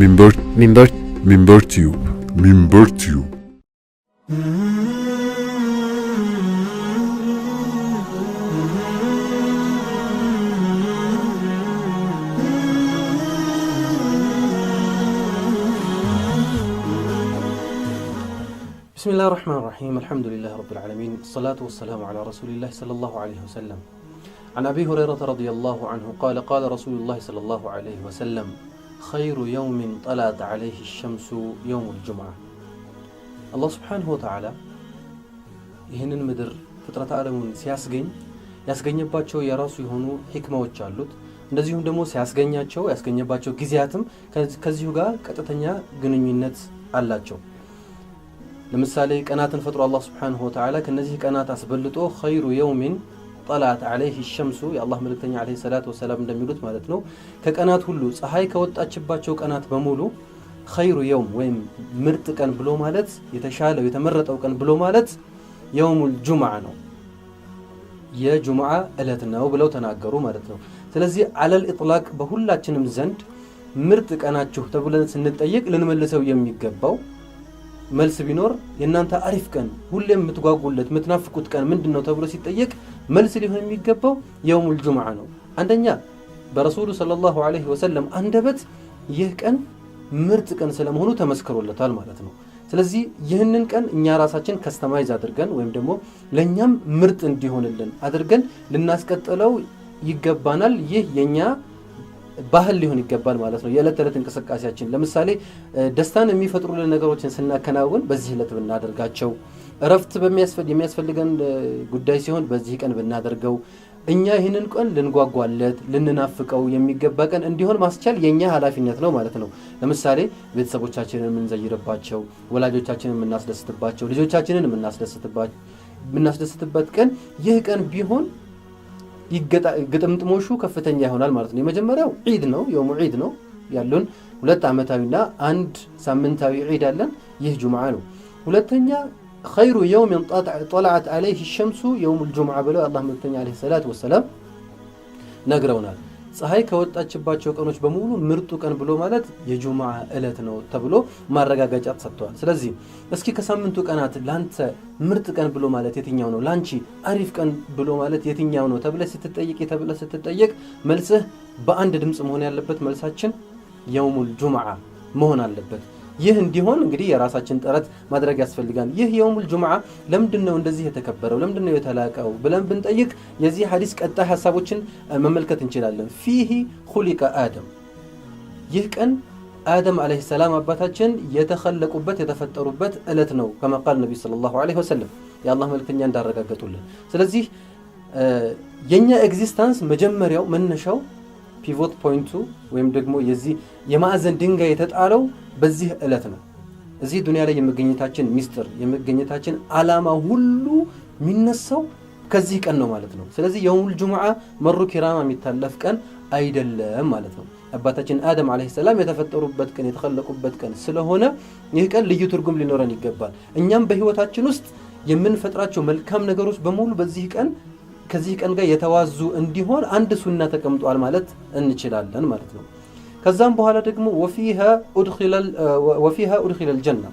منبر منبر منبر تيوب بر تيوب بسم الله الرحمن الرحيم الحمد لله رب العالمين الصلاة والسلام على رسول الله صلى الله عليه وسلم عن أبي هريرة رضي الله عنه قال قال رسول الله صلى الله عليه وسلم ኸይሩ የውሚን ጠላት ዓለይህ ሸምሱ የውሙል ጅሙዓ። አላህ ስብሓነሁ ወተዓላ ይህንን ምድር ፍጥረት ዓለሙን ሲያስገኝ ያስገኘባቸው የራሱ የሆኑ ሂክማዎች አሉት። እንደዚሁም ደግሞ ሲያስገኛቸው ያስገኘባቸው ጊዜያትም ከዚሁ ጋር ቀጥተኛ ግንኙነት አላቸው። ለምሳሌ ቀናትን ፈጥሮ አላህ ስብሓነሁ ወተዓላ ከእነዚህ ቀናት አስበልጦ ኸይሩ የውሚን ጠላት አለይህ ሸምሱ የአላህ መልእክተኛ ዓለይሂ ሰላት ወሰላም እንደሚሉት ማለት ነው ከቀናት ሁሉ ፀሐይ ከወጣችባቸው ቀናት በሙሉ ኸይሩ የውም ወይም ምርጥ ቀን ብሎ ማለት የተሻለው የተመረጠው ቀን ብሎ ማለት የውሙል ጁምዓ ነው፣ የጁምዓ እለት ነው ብለው ተናገሩ ማለት ነው። ስለዚህ አለል ኢጥላቅ በሁላችንም ዘንድ ምርጥ ቀናችሁ ተብለን ስንጠየቅ ልንመልሰው የሚገባው መልስ ቢኖር የእናንተ አሪፍ ቀን ሁሌም የምትጓጉለት የምትናፍቁት ቀን ምንድን ነው ተብሎ ሲጠየቅ መልስ ሊሆን የሚገባው የውሙል ጁምዓ ነው። አንደኛ በረሱሉ ሰለላሁ ዐለይሂ ወሰለም አንደበት ይህ ቀን ምርጥ ቀን ስለመሆኑ ተመስክሮለታል ማለት ነው። ስለዚህ ይህንን ቀን እኛ ራሳችን ከስተማይዝ አድርገን ወይም ደግሞ ለእኛም ምርጥ እንዲሆንልን አድርገን ልናስቀጥለው ይገባናል። ይህ የእኛ ባህል ሊሆን ይገባል ማለት ነው። የዕለት ተዕለት እንቅስቃሴያችን ለምሳሌ ደስታን የሚፈጥሩልን ነገሮችን ስናከናውን በዚህ ዕለት ብናደርጋቸው እረፍት የሚያስፈልገን ጉዳይ ሲሆን በዚህ ቀን ብናደርገው እኛ ይህንን ቀን ልንጓጓለት ልንናፍቀው የሚገባ ቀን እንዲሆን ማስቻል የእኛ ኃላፊነት ነው ማለት ነው። ለምሳሌ ቤተሰቦቻችንን የምንዘይርባቸው፣ ወላጆቻችንን የምናስደስትባቸው፣ ልጆቻችንን የምናስደስትበት ቀን ይህ ቀን ቢሆን ግጥምጥሞሹ ከፍተኛ ይሆናል ማለት ነው። የመጀመሪያው ዒድ ነው፣ የውሙ ዒድ ነው ያሉን። ሁለት ዓመታዊና አንድ ሳምንታዊ ዒድ አለን። ይህ ጁምዓ ነው። ሁለተኛ ኸይሩ የውም ጦልዓት ዓለይህ ሸምሱ የውሙል ጁምዓ ብለው የአላህ መልክተኛ ዓለይሂ ሰላት ወሰላም ነግረውናል። ፀሐይ ከወጣችባቸው ቀኖች በሙሉ ምርጡ ቀን ብሎ ማለት የጁምዓ ዕለት ነው ተብሎ ማረጋገጫ ተሰጥተዋል። ስለዚህ እስኪ ከሳምንቱ ቀናት ላንተ ምርጥ ቀን ብሎ ማለት የትኛው ነው? ላንቺ አሪፍ ቀን ብሎ ማለት የትኛው ነው ተብለ ስትጠየቅ የተብለ ስትጠየቅ መልስህ በአንድ ድምፅ መሆን ያለበት መልሳችን የውሙል ጁምዓ መሆን አለበት። ይህ እንዲሆን እንግዲህ የራሳችን ጥረት ማድረግ ያስፈልጋል። ይህ የውሙል ጁምዓ ለምንድን ነው እንደዚህ የተከበረው? ለምንድን ነው የተላቀው ብለን ብንጠይቅ የዚህ ሀዲስ ቀጣይ ሀሳቦችን መመልከት እንችላለን። ፊሂ ሁሊቀ አደም ይህ ቀን አደም ዓለይሂ ሰላም አባታችን የተኸለቁበት የተፈጠሩበት ዕለት ነው። ከመቃል ነቢ ሰለላሁ ዓለይሂ ወሰለም የአላህ መልክተኛ እንዳረጋገጡልን። ስለዚህ የእኛ ኤግዚስተንስ መጀመሪያው መነሻው ፒቮት ፖይንቱ ወይም ደግሞ የዚህ የማዕዘን ድንጋይ የተጣለው በዚህ ዕለት ነው። እዚህ ዱንያ ላይ የመገኘታችን ሚስጥር የመገኘታችን ዓላማ ሁሉ የሚነሳው ከዚህ ቀን ነው ማለት ነው። ስለዚህ የውል ጁምዓ መሩ ኪራማ የሚታለፍ ቀን አይደለም ማለት ነው። አባታችን አደም ዓለይሂ ሰላም የተፈጠሩበት ቀን የተኸለቁበት ቀን ስለሆነ ይህ ቀን ልዩ ትርጉም ሊኖረን ይገባል። እኛም በህይወታችን ውስጥ የምንፈጥራቸው መልካም ነገሮች በሙሉ በዚህ ቀን ከዚህ ቀን ጋር የተዋዙ እንዲሆን አንድ ሱና ተቀምጧል ማለት እንችላለን ማለት ነው። ከዛም በኋላ ደግሞ ወፊሃ ኡድኪለ ልጀና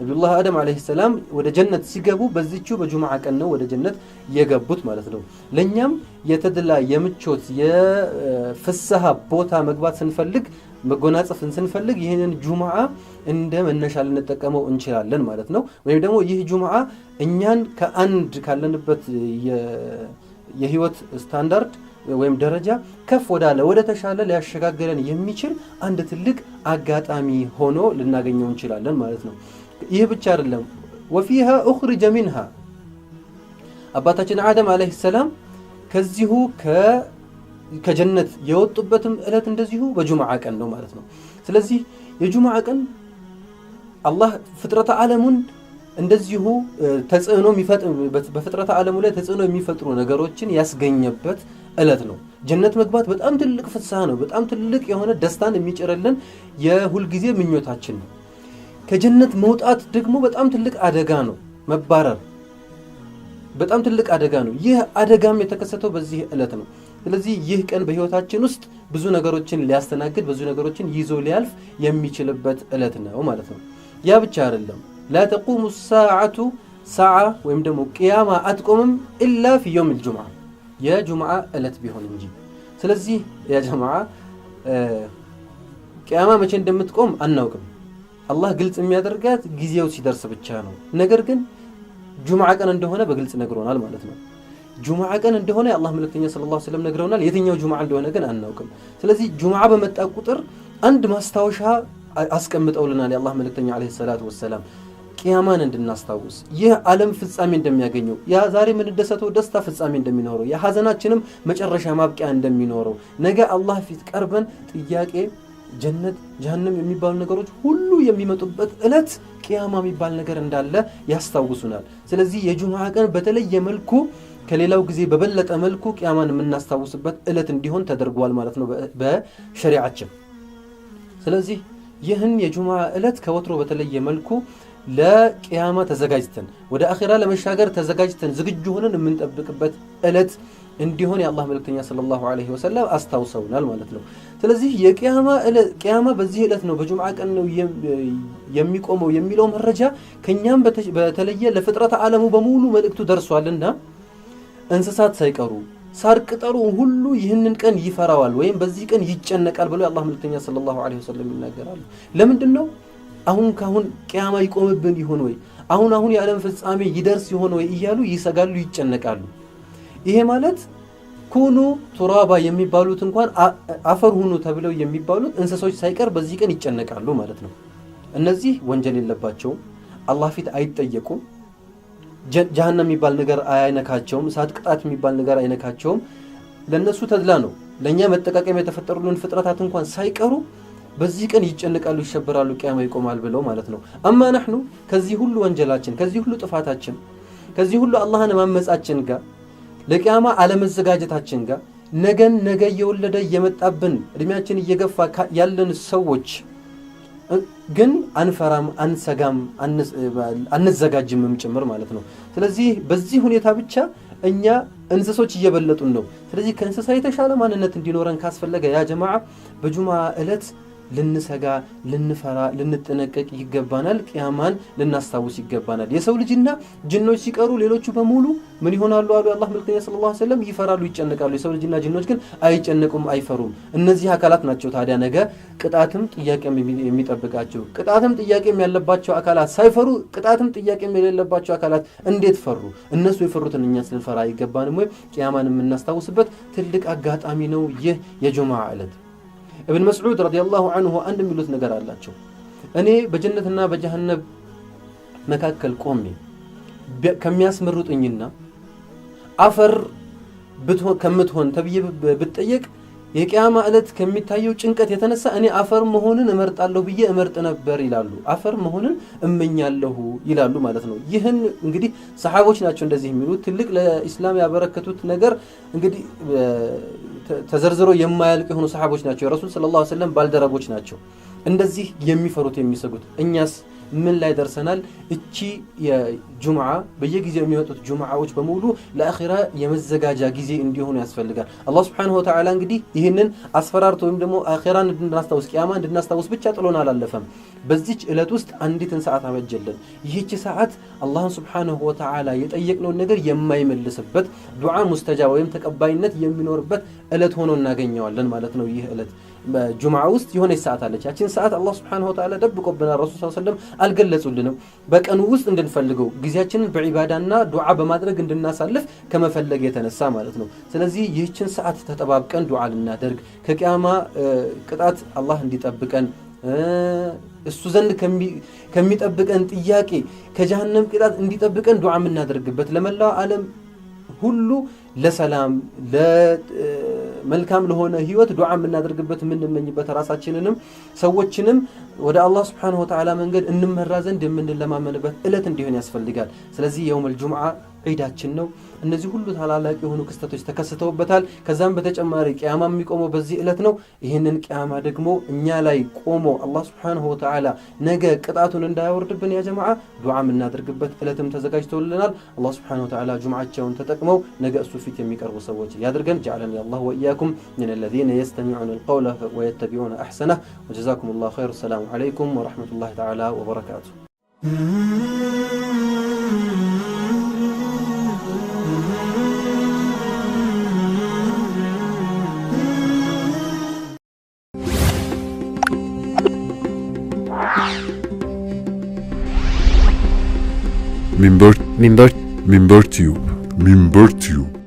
ነቢዩላህ አደም ዓለይሂ ሰላም ወደ ጀነት ሲገቡ በዚችው በጁምዓ ቀን ነው ወደ ጀነት የገቡት ማለት ነው። ለእኛም የተድላ የምቾት የፍስሐ ቦታ መግባት ስንፈልግ መጎናጸፍን ስንፈልግ ይህንን ጁምዓ እንደ መነሻ ልንጠቀመው እንችላለን ማለት ነው። ወይም ደግሞ ይህ ጁምዓ እኛን ከአንድ ካለንበት የህይወት ስታንዳርድ ወይም ደረጃ ከፍ ወዳለ ወደ ተሻለ ሊያሸጋግረን የሚችል አንድ ትልቅ አጋጣሚ ሆኖ ልናገኘው እንችላለን ማለት ነው። ይህ ብቻ አይደለም። ወፊሃ ኡኽሪጀ ሚንሃ አባታችን አደም ዓለይሂ ሰላም ከዚሁ ከጀነት የወጡበትም ዕለት እንደዚሁ በጁምዓ ቀን ነው ማለት ነው። ስለዚህ የጁምዓ ቀን አላህ ፍጥረተ ዓለሙን እንደዚሁ ተጽዕኖ በፍጥረተ ዓለሙ ላይ ተጽዕኖ የሚፈጥሩ ነገሮችን ያስገኘበት ዕለት ነው። ጀነት መግባት በጣም ትልቅ ፍስሐ ነው። በጣም ትልቅ የሆነ ደስታን የሚጭርልን የሁልጊዜ ምኞታችን ነው። ከጀነት መውጣት ደግሞ በጣም ትልቅ አደጋ ነው። መባረር በጣም ትልቅ አደጋ ነው። ይህ አደጋም የተከሰተው በዚህ ዕለት ነው። ስለዚህ ይህ ቀን በህይወታችን ውስጥ ብዙ ነገሮችን ሊያስተናግድ ብዙ ነገሮችን ይዞ ሊያልፍ የሚችልበት እለት ነው ማለት ነው። ያ ብቻ አይደለም። ላ ተቁሙ ሰዓ ወይም ደግሞ ቅያማ አትቆምም ኢላ ፊ ዮም ልጁምዓ የጁምዓ እለት ቢሆን እንጂ። ስለዚህ ያ ቅያማ መቼ እንደምትቆም አናውቅም። አላህ ግልጽ የሚያደርጋት ጊዜው ሲደርስ ብቻ ነው። ነገር ግን ጁምዓ ቀን እንደሆነ በግልጽ ነግሮናል ማለት ነው። ጁሙዓ ቀን እንደሆነ የአላህ መልእክተኛ ሰለላሁ ዐለይሂ ወሰለም ነግረውናል። የትኛው ጁሙዓ እንደሆነ ግን አናውቅም። ስለዚህ ጁሙዓ በመጣ ቁጥር አንድ ማስታወሻ አስቀምጠውልናል የአላህ መልእክተኛ ዐለይሂ ሰላቱ ወሰላም ቅያማን እንድናስታውስ ይህ ዓለም ፍጻሜ እንደሚያገኘው ያ ዛሬ የምንደሰተው ደስታ ፍጻሜ እንደሚኖረው የሐዘናችንም መጨረሻ ማብቂያ እንደሚኖረው ነገ አላህ ፊት ቀርበን ጥያቄ፣ ጀነት፣ ጀሃንም የሚባሉ ነገሮች ሁሉ የሚመጡበት ዕለት ቅያማ የሚባል ነገር እንዳለ ያስታውሱናል። ስለዚህ የጁምዓ ቀን በተለየ መልኩ ከሌላው ጊዜ በበለጠ መልኩ ቅያማን የምናስታውስበት እለት እንዲሆን ተደርጓል ማለት ነው በሸሪዓችን። ስለዚህ ይህን የጁምዓ እለት ከወትሮ በተለየ መልኩ ለቅያማ ተዘጋጅተን ወደ አኼራ ለመሻገር ተዘጋጅተን ዝግጁ ሆነን የምንጠብቅበት እለት እንዲሆን የአላህ መልእክተኛ ሰለላሁ ዐለይሂ ወሰለም አስታውሰውናል ማለት ነው። ስለዚህ የቅያማ በዚህ ዕለት ነው በጁምዓ ቀን ነው የሚቆመው የሚለው መረጃ ከኛም በተለየ ለፍጥረት ዓለሙ በሙሉ መልእክቱ ደርሷልና እንስሳት ሳይቀሩ ሳር ቅጠሉ ሁሉ ይህንን ቀን ይፈራዋል ወይም በዚህ ቀን ይጨነቃል ብለው የአላህ መልክተኛ ሰለላሁ ዐለይሂ ወሰለም ይናገራሉ። ለምንድን ነው አሁን ካሁን ቅያማ ይቆምብን ይሆን ወይ አሁን አሁን የዓለም ፍጻሜ ይደርስ ይሆን ወይ እያሉ ይሰጋሉ፣ ይጨነቃሉ። ይሄ ማለት ኩኑ ቱራባ የሚባሉት እንኳን አፈር ሁኑ ተብለው የሚባሉት እንስሶች ሳይቀር በዚህ ቀን ይጨነቃሉ ማለት ነው። እነዚህ ወንጀል የለባቸውም፣ አላህ ፊት አይጠየቁም። ጀሃና የሚባል ነገር አይነካቸውም። እሳት ቅጣት የሚባል ነገር አይነካቸውም። ለእነሱ ተድላ ነው። ለእኛ መጠቃቀም የተፈጠሩልን ፍጥረታት እንኳን ሳይቀሩ በዚህ ቀን ይጨንቃሉ፣ ይሸበራሉ፣ ቅያማ ይቆማል ብለው ማለት ነው። አማ ናሕኑ ከዚህ ሁሉ ወንጀላችን፣ ከዚህ ሁሉ ጥፋታችን፣ ከዚህ ሁሉ አላህን ማመፃችን ጋር ለቅያማ አለመዘጋጀታችን ጋር ነገን ነገ እየወለደ እየመጣብን እድሜያችን እየገፋ ያለን ሰዎች ግን አንፈራም፣ አንሰጋም፣ አንዘጋጅምም ጭምር ማለት ነው። ስለዚህ በዚህ ሁኔታ ብቻ እኛ እንስሶች እየበለጡን ነው። ስለዚህ ከእንስሳ የተሻለ ማንነት እንዲኖረን ካስፈለገ ያ ጀማዓ በጁማ ዕለት ልንሰጋ፣ ልንፈራ፣ ልንጠነቀቅ ይገባናል። ቅያማን ልናስታውስ ይገባናል። የሰው ልጅና ጅኖች ሲቀሩ ሌሎቹ በሙሉ ምን ይሆናሉ አሉ የአላህ መልክተኛ ሰለላሁ ዐለይሂ ወሰለም፣ ይፈራሉ፣ ይጨነቃሉ። የሰው ልጅና ጅኖች ግን አይጨነቁም፣ አይፈሩም። እነዚህ አካላት ናቸው ታዲያ ነገ ቅጣትም ጥያቄም የሚጠብቃቸው። ቅጣትም ጥያቄም ያለባቸው አካላት ሳይፈሩ ቅጣትም ጥያቄም የሌለባቸው አካላት እንዴት ፈሩ? እነሱ የፈሩትን እኛ ስንፈራ አይገባንም ወይ? ቅያማን የምናስታውስበት ትልቅ አጋጣሚ ነው ይህ የጁምዓ ዕለት። እብን መስዑድ ረዲየላሁ አንሁ አንድ የሚሉት ነገር አላቸው። እኔ በጀነትና በጀሃነብ መካከል ቆሜ ከሚያስመርጡኝና አፈር ከምትሆን ተብዬ ብጠየቅ የቅያማ ዕለት ከሚታየው ጭንቀት የተነሳ እኔ አፈር መሆንን እመርጣለሁ ብዬ እመርጥ ነበር ይላሉ። አፈር መሆንን እመኛለሁ ይላሉ ማለት ነው። ይህን እንግዲህ ሰሓቦች ናቸው እንደዚህ የሚሉት ትልቅ ለኢስላም ያበረከቱት ነገር እንግዲህ ተዘርዝሮ የማያልቅ የሆኑ ሰሓቦች ናቸው። የረሱል ሰለላሁ ዐለይሂ ወሰለም ባልደረቦች ናቸው። እንደዚህ የሚፈሩት የሚሰጉት እኛስ ምን ላይ ደርሰናል? እቺ የጁምዓ በየጊዜው የሚመጡት ጁምዓዎች በሙሉ ለአኺራ የመዘጋጃ ጊዜ እንዲሆኑ ያስፈልጋል። አላህ ስብሓነሁ ወተዓላ እንግዲህ ይህንን አስፈራርቶ ወይም ደግሞ አኺራን እንድናስታውስ ቂያማ እንድናስታውስ ብቻ ጥሎን አላለፈም። በዚች ዕለት ውስጥ አንዲትን ሰዓት አበጀለን። ይህች ሰዓት አላህን ስብሓነሁ ወተዓላ የጠየቅነውን ነገር የማይመልስበት ዱዓ ሙስተጃ ወይም ተቀባይነት የሚኖርበት ዕለት ሆኖ እናገኘዋለን ማለት ነው ይህ ዕለት ጁምዓ ውስጥ የሆነች ሰዓት አለች። ያችን ሰዓት አላህ ስብሓነሁ ወተዓላ ደብቆብናል። ረሱል ወሰለም አልገለጹልንም። በቀኑ ውስጥ እንድንፈልገው ጊዜያችንን በዒባዳና ዱዓ በማድረግ እንድናሳልፍ ከመፈለግ የተነሳ ማለት ነው። ስለዚህ ይህችን ሰዓት ተጠባብቀን ዱዓ ልናደርግ ከቅያማ ቅጣት አላህ እንዲጠብቀን እሱ ዘንድ ከሚጠብቀን ጥያቄ ከጀሃነም ቅጣት እንዲጠብቀን ዱዓ የምናደርግበት ለመላው ዓለም ሁሉ ለሰላም መልካም ለሆነ ህይወት ዱዓ የምናደርግበት የምንመኝበት ራሳችንንም ሰዎችንም ወደ አላህ ስብሓነሁ ወተዓላ መንገድ እንመራ ዘንድ የምንለማመንበት እለት እንዲሆን ያስፈልጋል። ስለዚህ የውመል ጁምዓ ዒዳችን ነው። እነዚህ ሁሉ ታላላቅ የሆኑ ክስተቶች ተከስተውበታል። ከዛም በተጨማሪ ቅያማ የሚቆመው በዚህ ዕለት ነው። ይህንን ቅያማ ደግሞ እኛ ላይ ቆሞ አላህ ስብሓንሁ ወተዓላ ነገ ቅጣቱን እንዳያወርድብን ያ ጀማዓ ዱዓ የምናደርግበት ዕለትም ተዘጋጅቶልናል። አላህ ስብሓንሁ ወተዓላ ጁምዓቸውን ተጠቅመው ነገ እሱ ፊት የሚቀርቡ ሰዎች ያድርገን። ጀዓለኒ አላህ ወኢያኩም ምን አለዚነ የስተሚዑን ልቀውለ ወየተቢዑነ አሕሰና ወጀዛኩም ላሁ ኸይር። ሰላሙ ዓለይኩም ወረሕመቱላሂ ተዓላ ወበረካቱ። Minbert Minbert Minbertium Minbertium